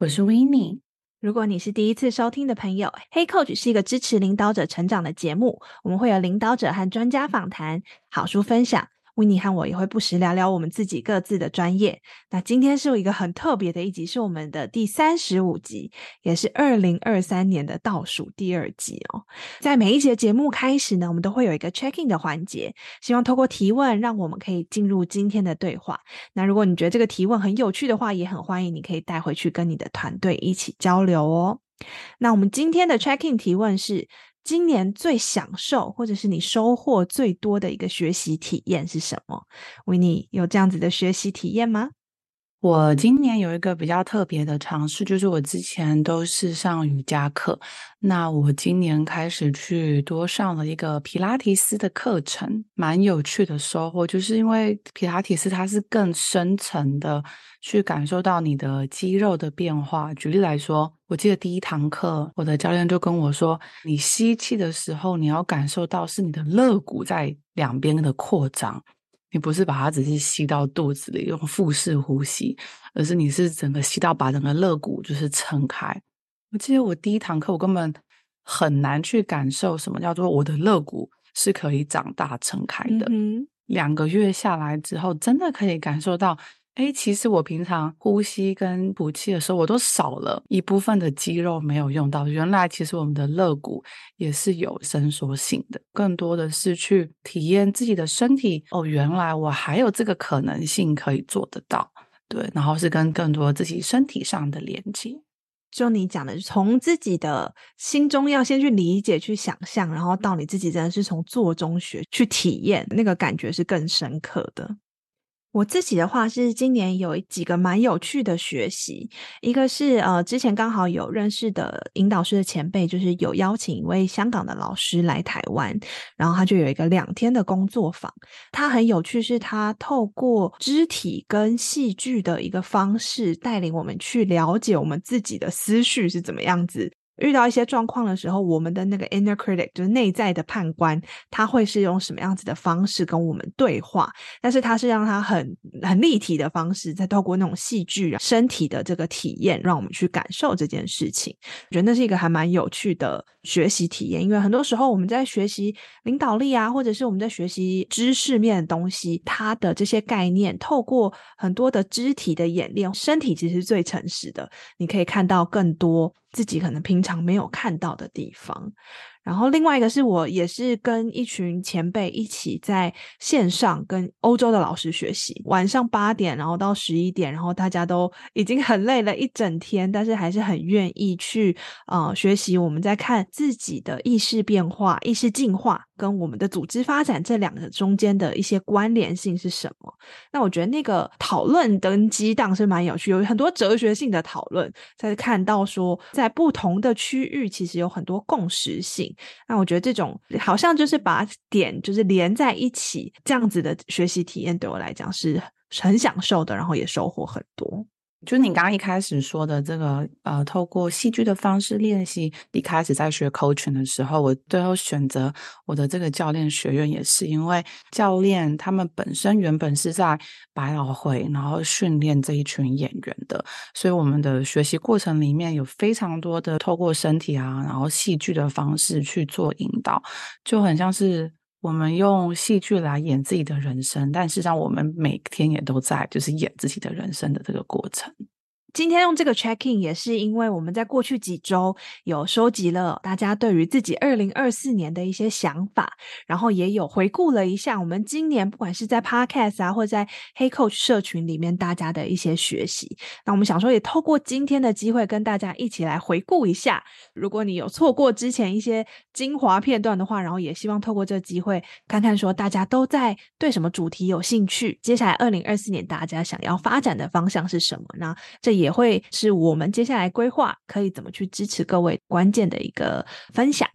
我是 Winnie。如果你是第一次收聽的朋友，Hey Coach! 是一個支持領導者成長的節目，我們會有領導者和專家訪談、好書分享。Winnie 和我也會不時聊聊我們自己各自的專業。那今天是一個很特別的一集，是我們的第三十五集，也是二零二三年的倒數第二集哦。在每一集節目開始呢，我們都會有一個 check-in 的環節，希望透過提問，讓我們可以進入今天的對話。那如果你覺得這個提問很有趣的話，也很歡迎你可以帶回去跟你的團隊一起交流哦。那我們今天的 check-in 提問是，今年最享受，或者是你收穫最多的一個學習體驗是什麼？Winnie，有這樣子的學習體驗嗎？我今年有一個比較特別的嘗試，就是我之前都是上瑜伽課，那我今年開始去多上了一個皮拉提斯的課程，蠻有趣的收穫，就是因為皮拉提斯它是更深層的去感受到你的肌肉的變化。舉例來說，我記得第一堂課，我的教練就跟我說，你吸氣的時候，你要感受到是你的肋骨在兩邊的擴張。你不是把它只是吸到肚子裡用腹式呼吸，而是你是整個吸到把整個肋骨就是撐開。我記得我第一堂課我根本很難去感受什麼叫做我的肋骨是可以長大撐開的。嗯哼。兩個月下來之後，真的可以感受到。哎，其實我平常呼吸跟補氣的時候，我都少了一部分的肌肉沒有用到。原來其實我們的肋骨也是有伸縮性的，更多的是去體驗自己的身體。哦，原來我還有這個可能性可以做得到，對。然後是跟更多自己身體上的連接。就你講的，從自己的心中要先去理解、去想象，然後到你自己真的是從做中學去體驗，那個感覺是更深刻的。我自己的話是，今年有幾個蠻有趣的學習。一個是呃，之前剛好有認識的引導師的前輩，就是有邀請一位香港的老師來台灣，然後他就有一個兩天的工作坊。他很有趣，是他透過肢體跟戲劇的一個方式，帶領我們去了解我們自己的思緒是怎麼樣子。遇到一些狀況的時候，我們的那個 inner critic 就是內在的判官，他會是用什麼樣子的方式跟我們對話？但是他是讓他很很立體的方式，再透過那種戲劇身體的這個體驗，讓我們去感受這件事情。我覺得那是一個還蠻有趣的學習體驗，因為很多時候我們在學習領導力啊，或者是我們在學習知識面的東西，它的這些概念，透過很多的肢體的演練，身體其實是最誠實的，你可以看到更多。自己可能平常沒有看到的地方。然後另外一個是我也是跟一群前輩一起在線上跟歐洲的老師學習，晚上八點然後到十一點，然後大家都已經很累了一整天，但是還是很願意去啊、呃、學習。我們在看自己的意識變化、意識進化跟我們的組織發展這兩個中間的一些關聯性是什麼？那我覺得那個討論跟激盪是蠻有趣，有很多哲學性的討論，在看到說在不同的區域其實有很多共識性。那我覺得這種好像就是把點就是連在一起，這樣子的學習體驗對我來講是很享受的，然後也收穫很多。就你剛剛一開始說的這個，呃，透過戲劇的方式練習。一開始在學 coaching 的時候，我最後選擇我的這個教練學院，也是因為教練他們本身原本是在百老匯，然後訓練這一群演員的，所以我們的學習過程裡面有非常多的透過身體啊，然後戲劇的方式去做引導，就很像是。我們用戲劇來演自己的人生，但實際上我們每天也都在，就是演自己的人生的這個過程。今天用這個 check-in 也是因為我們在過去幾周有收集了大家對於自己二零二四年的一些想法，然後也有回顧了一下我們今年不管是在 Podcast 啊，或在 Hey Coach 社群裡面大家的一些學習。那我們想說也透過今天的機會跟大家一起來回顧一下，如果你有錯過之前一些精華片段的話，然後也希望透過這個機會看看說大家都在對什麼主題有興趣，接下來二零二四年大家想要發展的方向是什麼呢？這。也會是我們接下來規劃可以怎麼去支持各位關鍵的一個分享。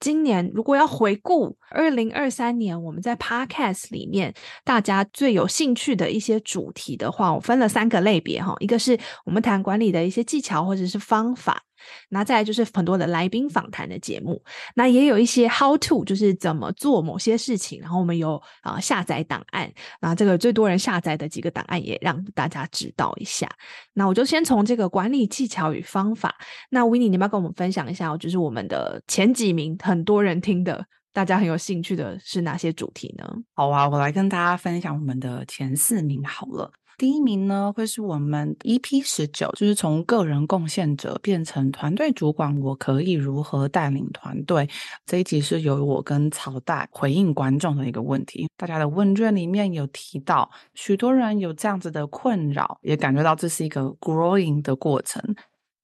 今年如果要回顧二零二三年我們在 Podcast 裡面大家最有興趣的一些主題的話，我分了三個類別哈，一個是我們談管理的一些技巧或者是方法。那再來就是很多的來賓訪談的節目，那也有一些 How to，就是怎麼做某些事情。然後我們有啊，呃，下載檔案，那這個最多人下載的幾個檔案也讓大家知道一下。那我就先從這個管理技巧與方法。那 Winnie，你要不要跟我們分享一下哦，就是我們的前幾名，很多人聽的，大家很有興趣的是哪些主題呢？好啊，我來跟大家分享我們的前四名好了。第一名呢，會是我們 EP19，就是從個人貢獻者變成團隊主管，我可以如何帶領團隊？這一集是由我跟曹代回應觀眾的一個問題，大家的問卷裡面有提到，許多人有這樣子的困擾，也感覺到這是一個 growing 的過程，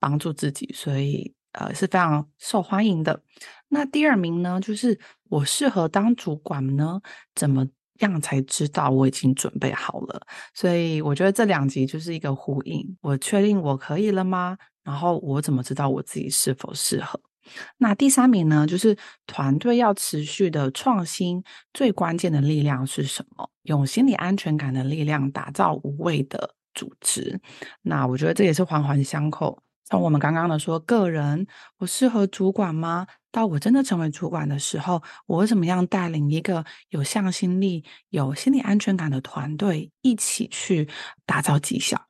幫助自己，所以呃是非常受歡迎的。那第二名呢，就是我適合當主管呢，怎麼樣才知道我已經準備好了，所以我覺得這兩集就是一個呼應。我確定我可以了嗎？然後我怎麼知道我自己是否適合？那第三名呢？就是團隊要持續的創新，最關鍵的力量是什麼？用心理安全感的力量打造無畏的組織。那我覺得這也是環環相扣。像我們剛剛的說，個人，我適合主管嗎？到我真的成為主管的時候，我會怎麼樣帶領一個有向心力、有心理安全感的團隊一起去打造績效？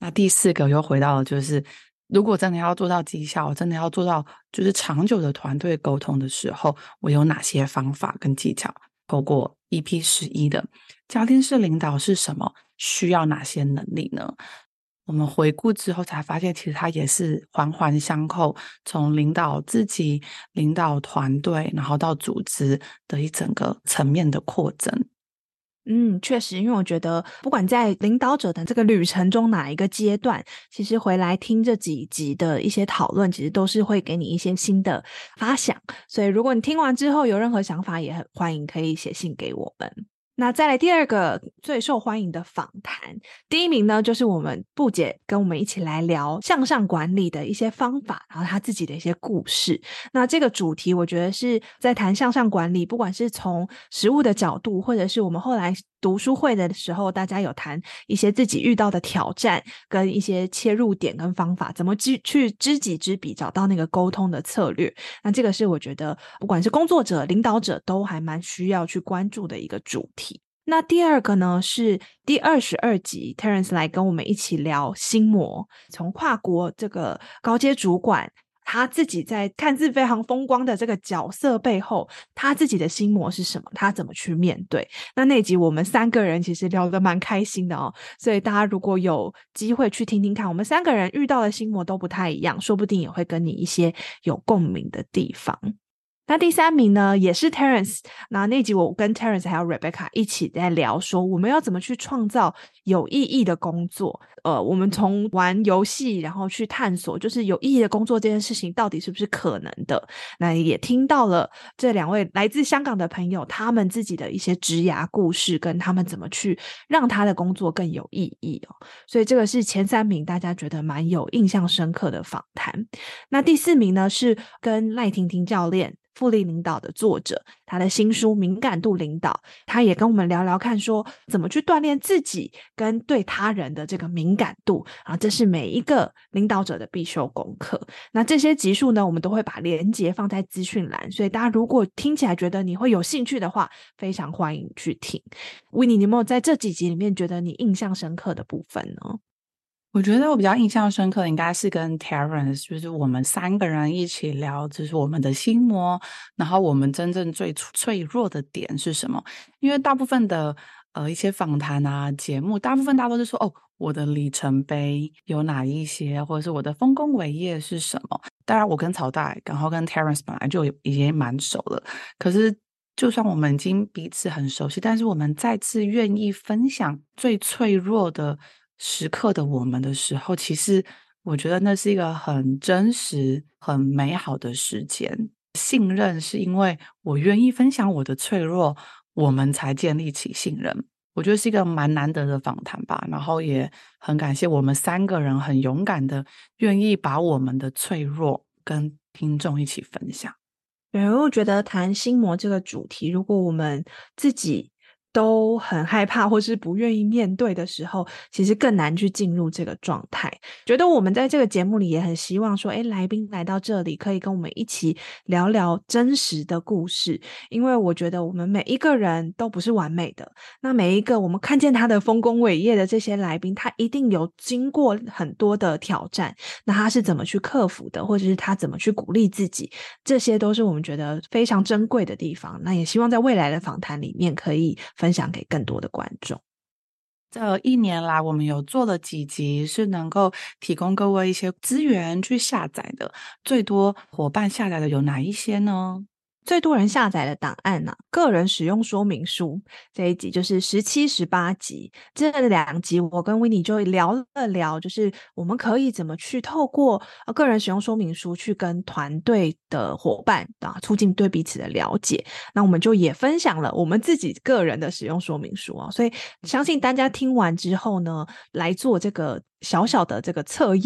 那第四個又回到了，就是如果真的要做到績效，我真的要做到就是長久的團隊溝通的時候，我有哪些方法跟技巧？透過 EP 十一的教練式領導是什麼？需要哪些能力呢？我們回顧之後才發現，其實它也是環環相扣，從領導自己、領導團隊，然後到組織的一整個層面的擴增。嗯，確實，因為我覺得，不管在領導者的這個旅程中哪一個階段，其實回來聽這幾集的一些討論，其實都是會給你一些新的發想。所以，如果你聽完之後有任何想法，也很歡迎可以寫信給我們。那再來第二個最受歡迎的訪談，第一名呢就是我們布姐跟我們一起來聊向上管理的一些方法，然後她自己的一些故事。那這個主題我覺得是在談向上管理，不管是從實務的角度，或者是我們後來讀書會的時候，大家有談一些自己遇到的挑戰，跟一些切入點跟方法，怎麼知去知己知彼，找到那個溝通的策略。那這個是我覺得不管是工作者、領導者都還蠻需要去關注的一個主題。那第二個呢是第二十二集，Terence 來跟我們一起聊心魔，從跨國這個高階主管，他自己在看似非常風光的這個角色背後，他自己的心魔是什麼？他怎麼去面對？那那集我們三個人其實聊得蠻開心的哦，所以大家如果有機會去聽聽看，我們三個人遇到的心魔都不太一樣，說不定也會跟你一些有共鳴的地方。那第三名呢，也是 Terence。那那集我跟 Terence 還有 Rebecca 一起在聊，說我們要怎麼去創造有意義的工作。呃，我們從玩遊戲，然後去探索，就是有意義的工作這件事情到底是不是可能的。那也聽到了這兩位來自香港的朋友，他們自己的一些職涯故事，跟他們怎麼去讓他的工作更有意義哦。所以這個是前三名，大家覺得蠻有印象深刻的訪談。那第四名呢，是跟賴婷婷教練。複利領導的作者，他的新書《敏感度領導》，他也跟我們聊聊看，說怎麼去鍛鍊自己跟對他人的這個敏感度啊，然後這是每一個領導者的必修功課。那這些集數呢，我們都會把連結放在資訊欄，所以大家如果聽起來覺得你會有興趣的話，非常歡迎去聽。Winnie，你有沒有在這幾集裡面覺得你印象深刻的部分呢？我覺得我比較印象深刻，應該是跟 Terence，就是我們三個人一起聊，就是我們的心魔，然後我們真正最脆弱的點是什麼？因為大部分的呃一些訪談啊節目，大部分大多是說哦，我的里程碑有哪一些，或者是我的豐功偉業是什麼？當然，我跟曹代，然後跟 Terence，本來就已經蠻熟了。可是就算我們已經彼此很熟悉，但是我們再次願意分享最脆弱的。時刻的我們的時候，其實我覺得那是一個很真實、很美好的時間。信任是因為我願意分享我的脆弱，我們才建立起信任。我覺得是一個蠻難得的訪談吧，然後也很感謝我們三個人很勇敢的願意把我們的脆弱跟聽眾一起分享。比如、嗯、我覺得談心魔這個主題，如果我們自己，都很害怕或是不願意面對的時候，其實更難去進入這個狀態。覺得我們在這個節目裡也很希望說，誒、哎，來賓來到這裡可以跟我們一起聊聊真實的故事，因為我覺得我們每一個人都不是完美的。那每一個我們看見他的豐功偉業的這些來賓，他一定有經過很多的挑戰。那他是怎麼去克服的，或者是他怎麼去鼓勵自己，這些都是我們覺得非常珍貴的地方。那也希望在未來的訪談裡面可以。分享給更多的觀眾。這一年來，我們有做了幾集是能夠提供各位一些資源去下載的。最多伙伴下載的有哪一些呢？最多人下載的檔案啊，個人使用說明書這一集就是十七、十八集，這兩集我跟 Winnie 就聊了聊，就是我們可以怎麼去透過呃個人使用說明書去跟團隊的伙伴啊，促進對彼此的了解。那我們就也分享了我們自己個人的使用說明書啊，所以相信大家聽完之後呢，來做這個。小小的這個測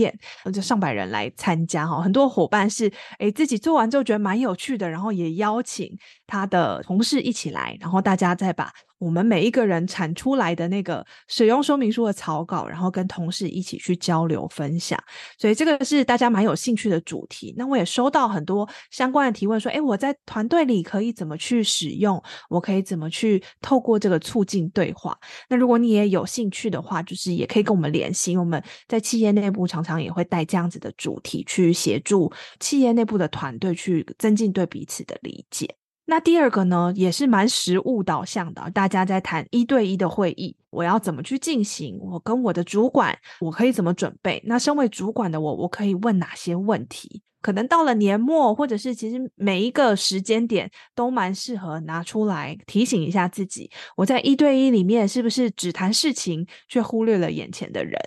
驗，就上百人來參加哈，很多夥伴是誒、哎，自己做完之後覺得蠻有趣的，然後也邀請他的同事一起來，然後大家再把。我們每一個人產出來的那個使用說明書的草稿，然後跟同事一起去交流分享，所以這個是大家蠻有興趣的主題。那我也收到很多相關的提問，說：“誒，我在團隊裡可以怎麼去使用？我可以怎麼去透過這個促進對話？”那如果你也有興趣的話，就是也可以跟我們聯繫。因為我們在企業內部常常也會帶這樣子的主題去協助企業內部的團隊去增進對彼此的理解。那第二個呢，也是蠻實務導向的。大家在談一對一的會議，我要怎麼去進行？我跟我的主管，我可以怎麼準備？那身為主管的我，我可以問哪些問題？可能到了年末，或者是其實每一個時間點，都蠻適合拿出來提醒一下自己：我在一對一裡面是不是只談事情，卻忽略了眼前的人？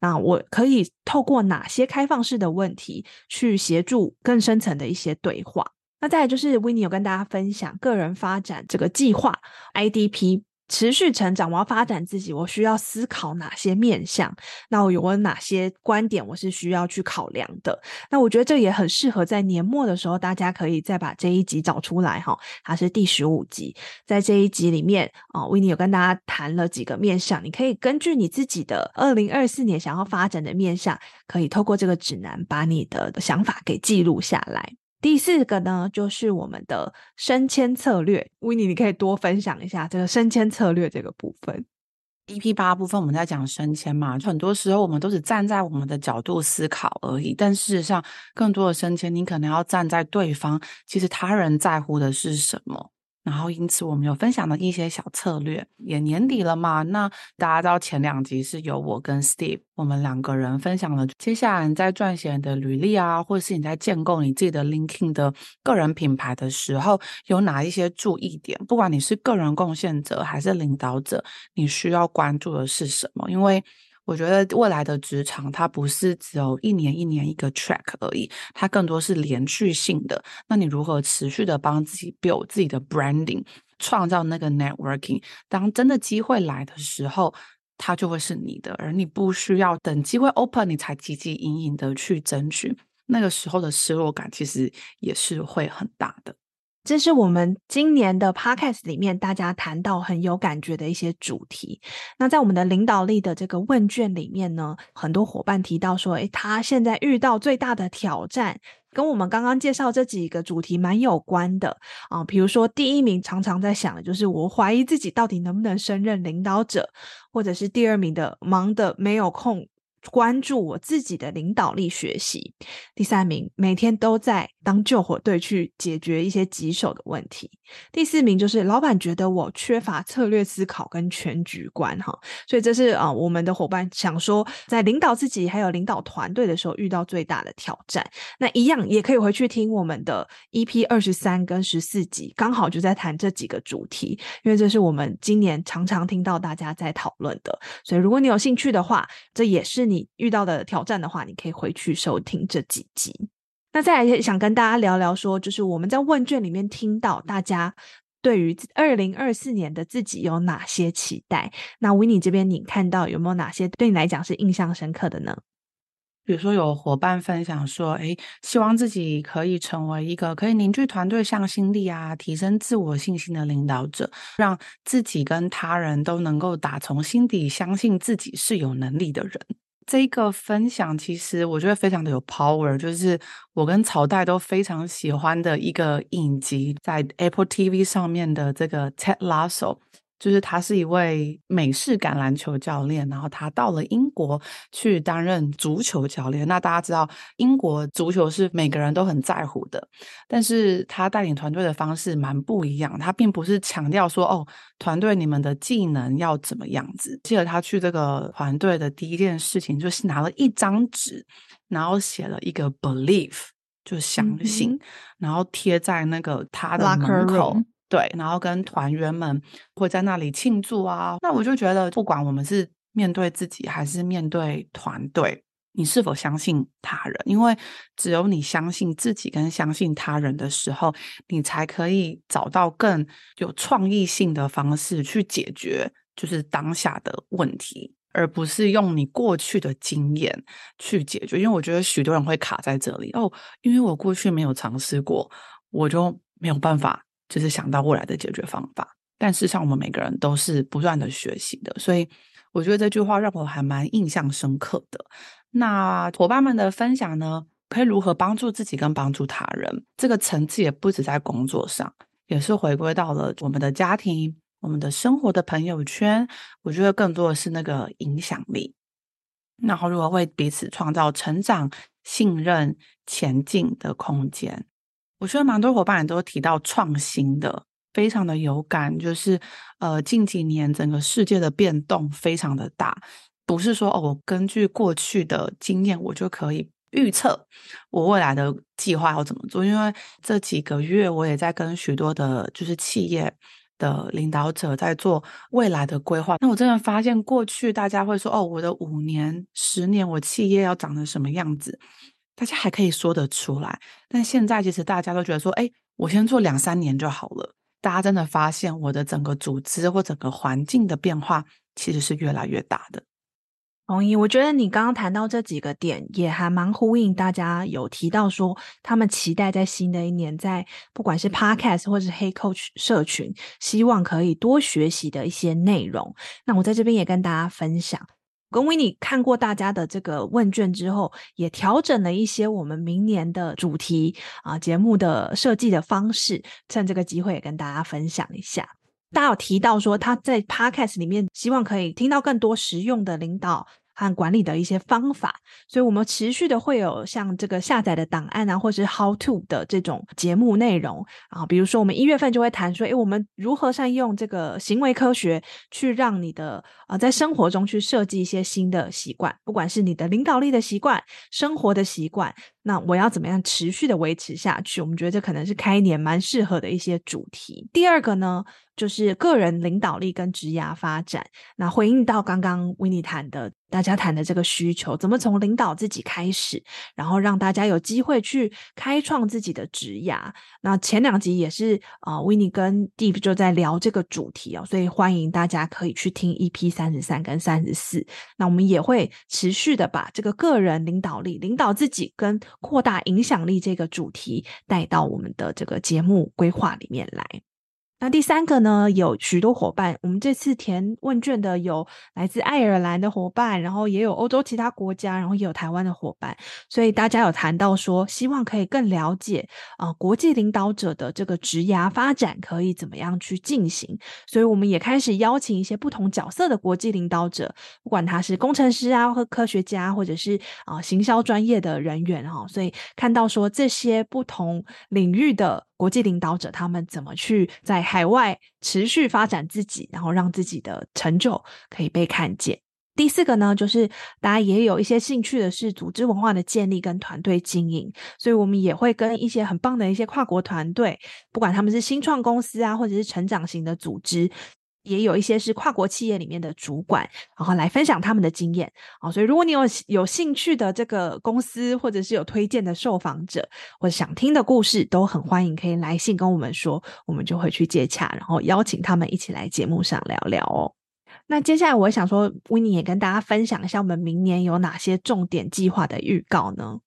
那我可以透過哪些開放式的問題，去協助更深層的一些對話？那再來就是 Winnie 有跟大家分享個人發展這個計劃 （IDP），持續成長，我要發展自己，我需要思考哪些面向，那我有哪些觀點，我是需要去考量的。那我覺得這也很適合在年末的時候，大家可以再把這一集找出來哈。它是第十五集，在這一集裡面啊、哦、Winnie 有跟大家談了幾個面向，你可以根據你自己的二零二四年想要發展的面向，可以透過這個指南把你的想法給記錄下來。第四個呢，就是我們的升遷策略。Winnie，你可以多分享一下這個升遷策略這個部分。EP 八部分我們在講升遷嘛，很多時候我們都只站在我們的角度思考而已，但事實上，更多的升遷，你可能要站在對方，其實他人在乎的是什麼。然後，因此我們有分享了一些小策略。也年底了嘛，那大家知道前兩集是由我跟 Steve 我們兩個人分享了。接下來你在撰寫的履歷啊，或者是你在建構你自己的 LinkedIn 的個人品牌的時候，有哪一些注意點？不管你是個人貢獻者還是領導者，你需要關注的是什麼？因為我覺得未來的職場，它不是只有一年一年一個 track 而已，它更多是連續性的。那你如何持續的幫自己 build 自己的 branding，創造那個 networking？當真的機會來的時候，它就會是你的，而你不需要等機會 open 你才汲汲營營的去爭取。那個時候的失落感其實也是會很大的。這是我們今年的 Podcast 裡面大家談到很有感覺的一些主題。那在我們的領導力的這個問卷裡面呢，很多伙伴提到說：“誒，他現在遇到最大的挑戰，跟我們剛剛介紹這幾個主題蠻有關的啊。比如說第一名常常在想的就是我懷疑自己到底能不能勝任領導者，或者是第二名的忙得沒有空關注我自己的領導力學習，第三名每天都在。”當救火隊去解決一些棘手的問題。第四名就是老闆覺得我缺乏策略思考跟全局觀哈，所以這是啊我們的伙伴想說，在領導自己還有領導團隊的時候遇到最大的挑戰。那一樣也可以回去聽我們的 EP 二十三跟十四集，剛好就在談這幾個主題，因為這是我們今年常常聽到大家在討論的。所以如果你有興趣的話，這也是你遇到的挑戰的話，你可以回去收聽這幾集。那再來想跟大家聊聊說，就是我們在問卷裡面聽到大家對於二零二四年的自己有哪些期待？那 Winnie 這邊你看到有沒有哪些對你來講是印象深刻的呢？比如說有夥伴分享說，誒，希望自己可以成為一個可以凝聚團隊向心力啊，提升自我信心的領導者，讓自己跟他人都能夠打從心底相信自己是有能力的人。這個分享其實我覺得非常的有 power，就是我跟曹代都非常喜歡的一個影集，在 Apple TV 上面的這個、so《Ted Lasso》。就是他是一位美式橄欖球教練，然後他到了英國去擔任足球教練。那大家知道，英國足球是每個人都很在乎的，但是他帶領團隊的方式蠻不一樣。他並不是強調說，哦，團隊你們的技能要怎麼樣子。記得他去這個團隊的第一件事情，就是拿了一張紙，然後寫了一個 belief，就相信，嗯、哼然後貼在那個他的門口，對，然後跟團員們會在那裡慶祝啊。那我就覺得，不管我們是面對自己還是面對團隊，你是否相信他人？因為只有你相信自己跟相信他人的時候，你才可以找到更有創意性的方式去解決就是當下的問題，而不是用你過去的經驗去解決。因為我覺得許多人會卡在這裡哦，因為我過去沒有嘗試過，我就沒有辦法。就是想到未來的解決方法，但事實上我們每個人都是不斷的學習的，所以我覺得這句話讓我還蠻印象深刻的。那夥伴們的分享呢，可以如何幫助自己跟幫助他人？這個層次也不止在工作上，也是回歸到了我們的家庭、我們的生活的朋友圈。我覺得更多的是那個影響力，然後如何為彼此創造成長、信任、前進的空間。我覺得蠻多夥伴也都提到創新的，非常的有感。就是呃，近幾年整個世界的變動非常的大，不是說哦，我根據過去的經驗，我就可以預測我未來的計劃要怎麼做。因為這幾個月我也在跟許多的，就是企業的領導者在做未來的規劃。那我真的發現，過去大家會說哦，我的五年、十年，我企業要長成什麼樣子？大家還可以說得出來，但現在其實大家都覺得說，哎，我先做兩三年就好了。大家真的發現，我的整個組織或整個環境的變化其實是越來越大的。同意，我覺得你剛剛談到這幾個點，也還蠻呼應大家有提到說，他們期待在新的一年，在不管是 Podcast 或是 Hey Coach 社群，希望可以多學習的一些內容。那我在這邊也跟大家分享。跟 Winnie 看過大家的這個問卷之後，也調整了一些我們明年的主題啊，節目的設計的方式。趁這個機會也跟大家分享一下，大家有提到說他在 Podcast 裡面希望可以聽到更多實用的領導。案管理的一些方法，所以我們持續的會有像這個下載的檔案啊，或者是 How to 的這種節目內容啊，比如說我們一月份就會談說，誒，我們如何善用這個行為科學去讓你的啊、呃，在生活中去設計一些新的習慣，不管是你的領導力的習慣，生活的習慣。那我要怎麼樣持續的維持下去？我們覺得這可能是開年蠻適合的一些主題。第二個呢，就是個人領導力跟職涯發展。那回應到剛剛 Winnie 談的大家談的這個需求，怎麼從領導自己開始，然後讓大家有機會去開創自己的職涯。那前兩集也是啊，呃、Winnie 跟 Deep 就在聊這個主題哦，所以歡迎大家可以去聽 EP 三十三跟三十四。那我們也會持續的把這個個人領導力、領導自己跟擴大影響力這個主題帶到我們的這個節目規劃裡面來。那第三個呢，有許多夥伴。我們這次填問卷的有來自愛爾蘭的夥伴，然後也有歐洲其他國家，然後也有臺灣的夥伴。所以大家有談到說，希望可以更了解啊、呃，國際領導者的這個職涯發展可以怎麼樣去進行。所以我們也開始邀請一些不同角色的國際領導者，不管他是工程師啊，或科學家，或者是啊、呃、行銷專業的人員哈、哦。所以看到說，這些不同領域的。國際領導者他們怎麼去在海外持續發展自己，然後讓自己的成就可以被看見。第四個呢，就是大家也有一些興趣的是組織文化的建立跟團隊經營，所以我們也會跟一些很棒的一些跨國團隊，不管他們是新創公司啊，或者是成長型的組織。也有一些是跨國企業裡面的主管，然後來分享他們的經驗啊、哦。所以如果你有有興趣的這個公司，或者是有推薦的受訪者，或者想聽的故事，都很歡迎可以來信跟我們說，我們就會去接洽，然後邀請他們一起來節目上聊聊哦。那接下來我想說 Winnie 也跟大家分享一下我們明年有哪些重點計劃的預告呢？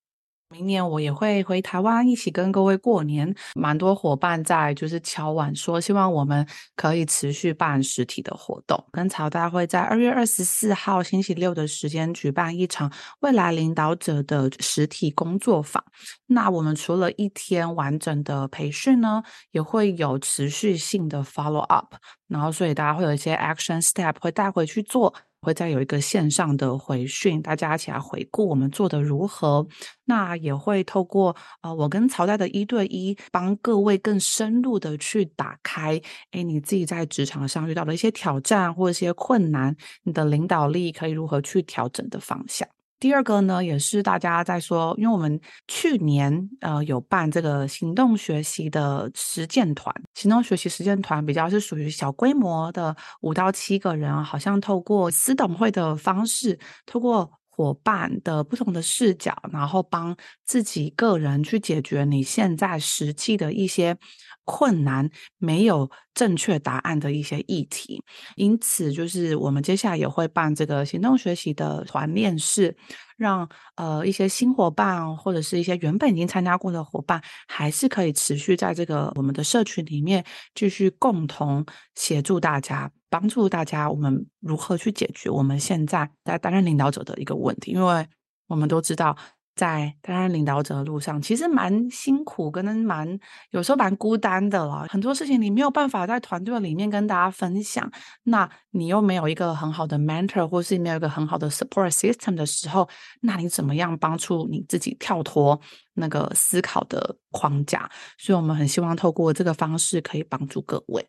明年我也會回台灣一起跟各位過年。蠻多夥伴在就是敲碗說，希望我們可以持續辦實體的活動。跟曹代會在二月二十四號星期六的時間舉辦一場未來領導者的實體工作坊。那我們除了一天完整的培訓呢，也會有持續性的 follow up，然後所以大家會有一些 action step 會帶回去做。會再有一個線上的回訊，大家一起來回顧我們做得如何。那也會透過呃，我跟曹代的一對一，幫各位更深入的去打開，哎，你自己在職場上遇到的一些挑戰或者一些困難，你的領導力可以如何去調整的方向。第二個呢，也是大家在說，因為我們去年呃有辦這個行動學習的實踐團，行動學習實踐團比較是屬於小規模的，五到七個人，好像透過私董會的方式，透過夥伴的不同的視角，然後幫自己個人去解決你現在實際的一些。困難，沒有正確答案的一些議題，因此就是我們接下來也會辦這個行動學習的團練式，讓呃一些新夥伴或者是一些原本已經參加過的夥伴，還是可以持續在這個我們的社群裡面繼續共同協助大家，幫助大家我們如何去解決我們現在在擔任領導者的一個問題，因為我們都知道。在擔任領導者的路上，其實蠻辛苦，跟蠻有時候蠻孤單的啦。很多事情你沒有辦法在團隊裡面跟大家分享，那你又沒有一個很好的 mentor 或是沒有一個很好的 support system 的時候，那你怎麼樣幫助你自己跳脫那個思考的框架？所以我們很希望透過這個方式可以幫助各位。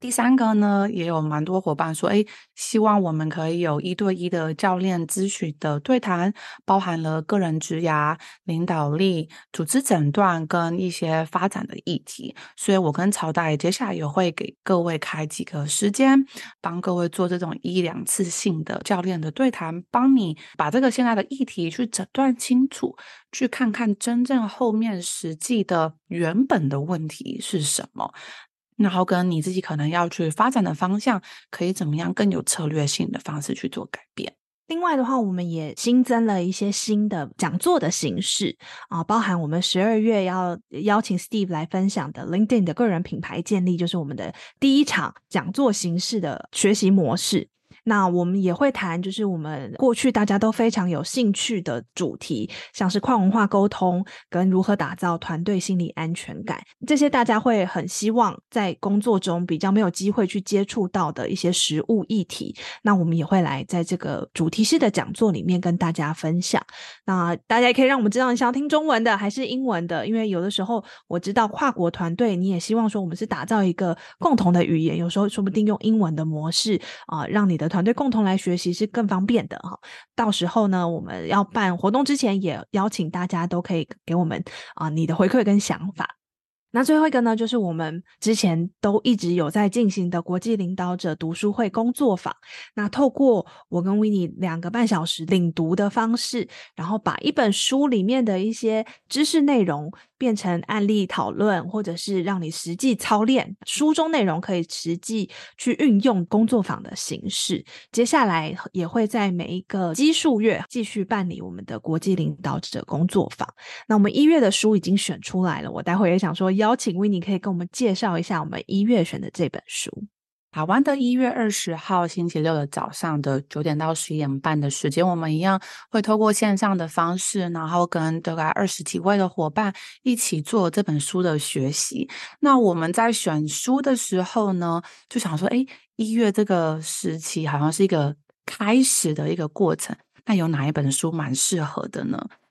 第三個呢，也有蠻多夥伴說，誒，希望我們可以有一對一的教練諮詢的對談，包含了個人職涯、領導力、組織診斷跟一些發展的議題。所以，我跟曹代接下來也會給各位開幾個時間，幫各位做這種一兩次性的教練的對談，幫你把這個現在的議題去診斷清楚，去看看真正後面實際的原本的問題是什麼。然後跟你自己可能要去發展的方向，可以怎麼樣更有策略性的方式去做改變？另外的話，我們也新增了一些新的講座的形式啊、呃，包含我們十二月要邀請 Steve 來分享的 LinkedIn 的個人品牌建立，就是我們的第一場講座形式的學習模式。那我們也會談，就是我們過去大家都非常有興趣的主題，像是跨文化溝通跟如何打造團隊心理安全感，這些大家會很希望在工作中比較沒有機會去接觸到的一些實務議題。那我們也會來在這個主題式的講座裡面跟大家分享。那大家也可以讓我們知道，你想要聽中文的還是英文的，因為有的時候我知道跨國團隊你也希望說我們是打造一個共同的語言，有時候說不定用英文的模式啊、呃，讓你的團團隊共同來學習是更方便的哈。到時候呢，我們要辦活動之前，也邀請大家都可以給我們啊、呃、你的回饋跟想法。那最後一個呢，就是我們之前都一直有在進行的國際領導者讀書會工作坊。那透過我跟 Winnie 兩個半小時領讀的方式，然後把一本書裡面的一些知識內容。變成案例討論，或者是讓你實際操練書中內容，可以實際去運用工作坊的形式。接下來也會在每一個基數月繼續辦理我們的國際領導者工作坊。那我們一月的書已經選出來了，我待會兒也想說邀請 Winnie 可以跟我們介紹一下我們一月選的這本書。台灣的一月二十號星期六的早上的九點到十一點半的時間，我們一樣會透過線上的方式，然後跟大概二十幾位的夥伴一起做這本書的學習。那我們在選書的時候呢，就想說，哎，一月這個時期好像是一個開始的一個過程，那有哪一本書蠻適合的呢？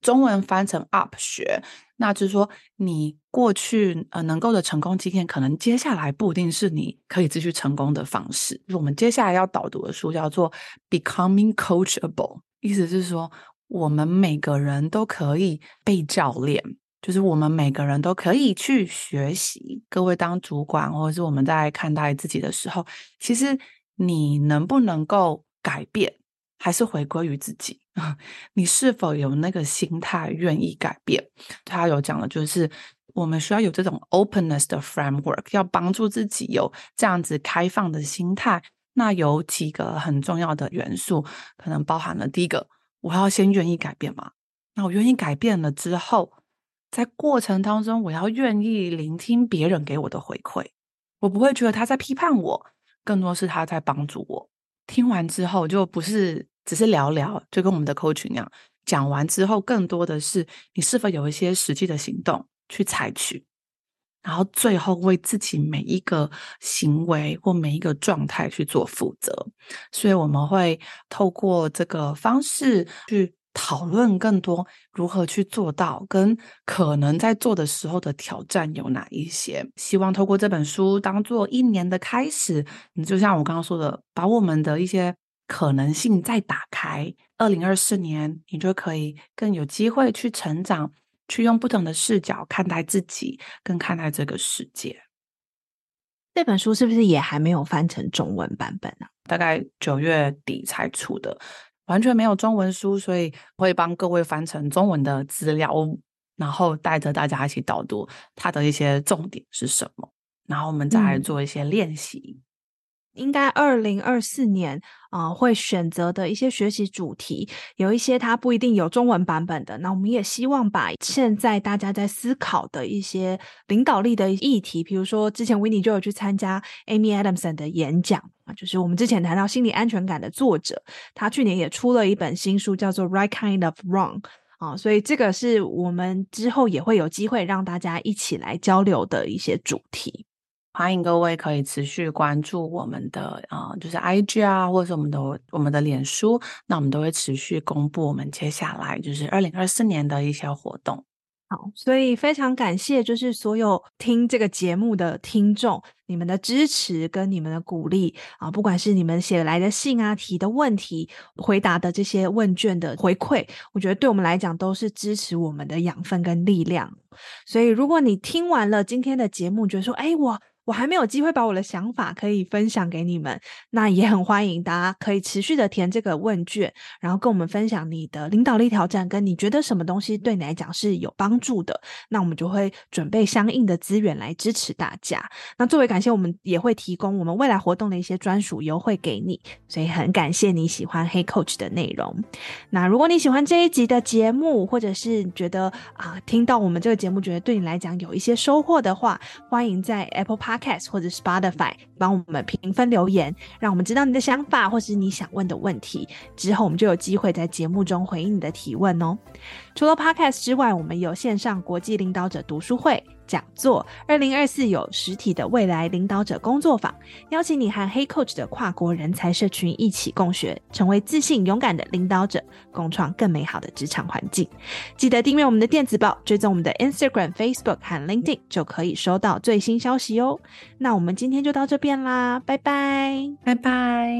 中文翻成 “up 學”，那就是說，你過去呃能夠的成功經驗，可能接下來不一定是你可以繼續成功的方式。就是，我們接下來要導讀的書叫做《Becoming Coachable》，意思是說，我們每個人都可以被教練，就是我們每個人都可以去學習。各位當主管，或者是我們在看待自己的時候，其實你能不能夠改變？還是回歸於自己，你是否有那個心態願意改變？他有講的就是我們需要有這種 openness 的 framework，要幫助自己有這樣子開放的心態。那有幾個很重要的元素，可能包含了第一個，我要先願意改變嘛。那我願意改變了之後，在過程當中，我要願意聆聽別人給我的回饋，我不會覺得他在批判我，更多是他在幫助我。聽完之後就不是只是聊聊，就跟我們的 coach 那樣，講完之後更多的是你是否有一些實際的行動去採取，然後最後為自己每一個行為或每一個狀態去做負責。所以我們會透過這個方式去。討論更多如何去做到，跟可能在做的時候的挑戰有哪一些？希望透過這本書當做一年的開始，你就像我剛剛說的，把我們的一些可能性再打開。二零二四年，你就可以更有機會去成長，去用不同的視角看待自己，更看待這個世界。這本書是不是也還沒有翻成中文版本呢、啊？大概九月底才出的。完全沒有中文書，所以會幫各位翻成中文的資料，然後帶着大家一起導讀它的一些重點是什麼，然後我們再來做一些練習。嗯應該二零二四年啊、呃，會選擇的一些學習主題，有一些它不一定有中文版本的。那我們也希望把現在大家在思考的一些領導力的議題，比如說之前 Winnie 就有去參加 Amy Adamson 的演講啊，就是我們之前談到心理安全感的作者，他去年也出了一本新書，叫做 Right Kind of Wrong 啊、呃，所以這個是我們之後也會有機會讓大家一起來交流的一些主題。歡迎、啊、各位可以持續關注我們的啊、呃，就是 IG 啊，或者我們的我們的臉書，那我們都會持續公布我們接下來就是二零二四年的一些活動。好，所以非常感謝就是所有聽這個節目的聽眾，你們的支持跟你們的鼓勵啊，不管是你們寫來的信啊、提的問題、回答的這些問卷的回饋，我覺得對我們來講都是支持我們的養分跟力量。所以如果你聽完了今天的節目，覺得說，哎，我。我還沒有機會把我的想法可以分享給你們，那也很歡迎大家可以持續的填這個問卷，然後跟我們分享你的領導力挑戰跟你覺得什麼東西對你來講是有幫助的，那我們就會準備相應的資源來支持大家。那作為感謝，我們也會提供我們未來活動的一些專屬優惠給你，所以很感謝你喜歡 Hey Coach 的內容。那如果你喜歡這一集的節目，或者是覺得啊，聽到我們這個節目覺得對你來講有一些收穫的話，歡迎在 Apple Podcast。或者 Spotify 幫我們評分留言，讓我們知道你的想法或是你想問的問題，之後我們就有機會在節目中回應你的提問哦。除了 Podcast 之外，我們有線上國際領導者讀書會講座，二零二四有實體的未來領導者工作坊，邀請你和 Hey Coach 的跨國人才社群一起共學，成為自信勇敢的領導者，共創更美好的職場環境。記得訂閱我們的電子報，追蹤我們的 Instagram、Facebook 和 LinkedIn，就可以收到最新消息哦。那我們今天就到這邊啦，拜拜，拜拜。